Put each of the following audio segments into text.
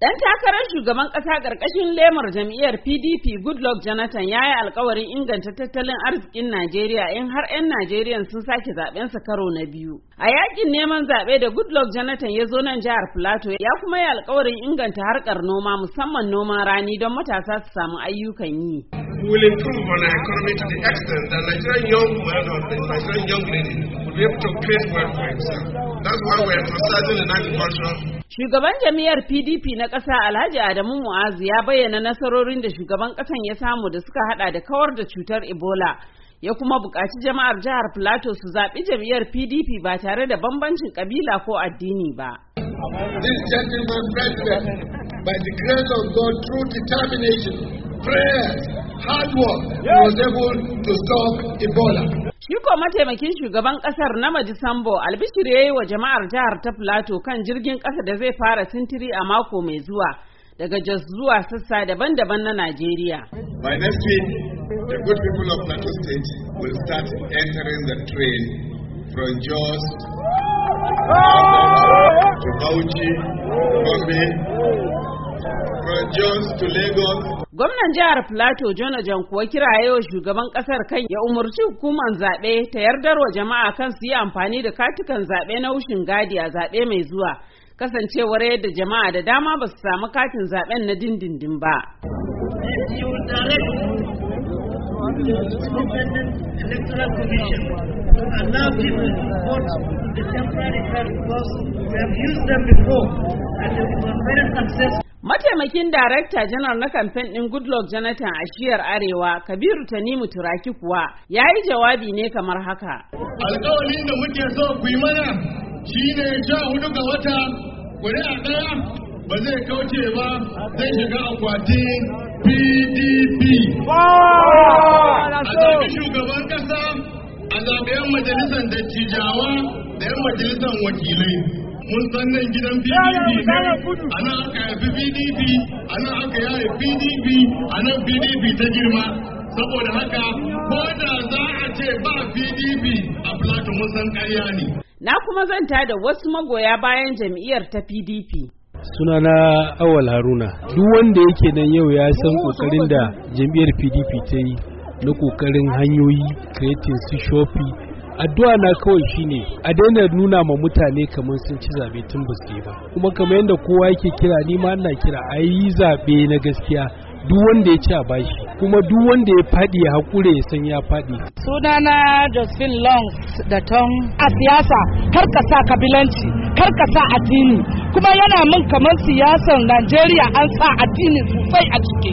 Ɗan takarar shugaban ƙasa ƙarƙashin lemar jam'iyyar PDP Goodluck Jonathan ya yi alkawarin inganta tattalin arzikin Najeriya in har 'yan Najeriya sun sake zaɓensa karo na biyu. A yakin neman zaɓe da Goodluck Jonathan ya zo nan jihar Plateau ya kuma yi alkawarin inganta harkar noma musamman noman rani don matasa su samu ayyukan yi. We will improve on our economy to the extent that Nigerian young man or Nigerian young ladies be able to create wealth for himself. That's why in agriculture. Shugaban jami'ar PDP na ƙasa Alhaji Adamu Mu'azu ya bayyana nasarorin da shugaban ƙasan ya samu da suka hada da kawar da cutar Ebola. Ya kuma buƙaci jama'ar jihar Plateau su zaɓi jam'iyyar PDP ba tare da bambancin ƙabila ko addini ba. This gentleman president, by the grace of God, through determination, prayers, hard work, yes. was able to stop Ebola. Shi ko mataimakin shugaban kasar na Majisambo albishir ya yi wa jama'ar jihar ta Plateau kan jirgin ƙasa da zai fara sintiri a mako mai zuwa daga Jos zuwa sassa daban-daban na Najeriya. By next week, the good people of Plateau State will start entering the train from Jos to Bauchi, Bombay, Gwamnan jihar jona Jonajan kuwa kira yau shugaban kasar kan ya umarci hukumar zaɓe ta yardar wa jama'a kan su yi amfani da katukan zaɓe na wushin gadi a zaɓe mai zuwa. Kasancewar yadda jama'a da dama ba su samu katin zaɓen na dindindin ba. the temporary card because we have used them before and Mataimakin darakta janar na kamfen ɗin Goodluck Jonathan a shiyar Arewa, Kabiru Tanimu Turaki kuwa, ya yi jawabi ne kamar haka. Alƙawalin da muke so ku yi mana shi ne sha hudu ga wata a ɗaya ba zai kauce ba zai shiga akwati PDP. A zaɓi shugaban ƙasa, a zaɓi 'yan majalisar dattijawa da 'yan majalisar wakilai. mun san nan gidan PDP a nan aka haifi PDP ana nan aka yaye PDP a nan PDP ta girma saboda haka ko da za a ce ba PDP a Plateau mun san ƙarya ne. Na kuma zanta da wasu magoya bayan jam'iyyar ta PDP. Suna na awal haruna duk wanda yake nan yau ya san kokarin da jam'iyyar pdp ta yi na kokarin hanyoyi creating su shopi addu'a na kawai shine a daina nuna ma mutane kamar sun ci zabe tun ba su ba kuma kamar yadda kowa yake kira ni ma ina kira a yi zabe na gaskiya duk wanda ya ci a bashi kuma duk wanda ya faɗi ya haƙure ya san ya faɗi. sunana josephine long da tom a siyasa kar sa kabilanci kar sa addini kuma yana min kamar siyasan najeriya an sa addini sosai a ciki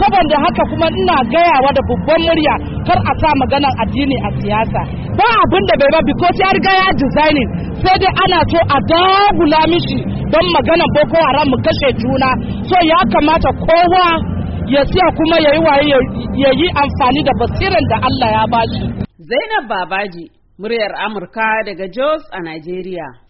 saboda haka kuma ina gayawa da babban murya kar a sa maganan addini a siyasa ba abin da bai ba biko ya riga ya designin sai dai ana so a dagula mishi don magana boko haram mu kashe juna so ya kamata kowa ya siya kuma ya yi waye ya yi amfani da basirin da Allah ya bashi Zainab Babaji muryar Amurka daga Jos a Najeriya